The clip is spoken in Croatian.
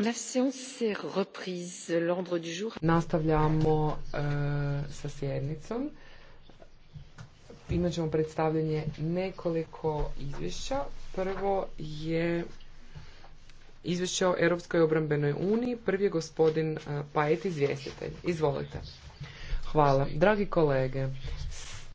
La Nastavljamo e, sa sjednicom. Imat ćemo predstavljanje nekoliko izvješća. Prvo je izvješće o Europskoj obrambenoj uniji. Prvi je gospodin e, Pajet izvjestitelj. Izvolite. Hvala. Dragi kolege,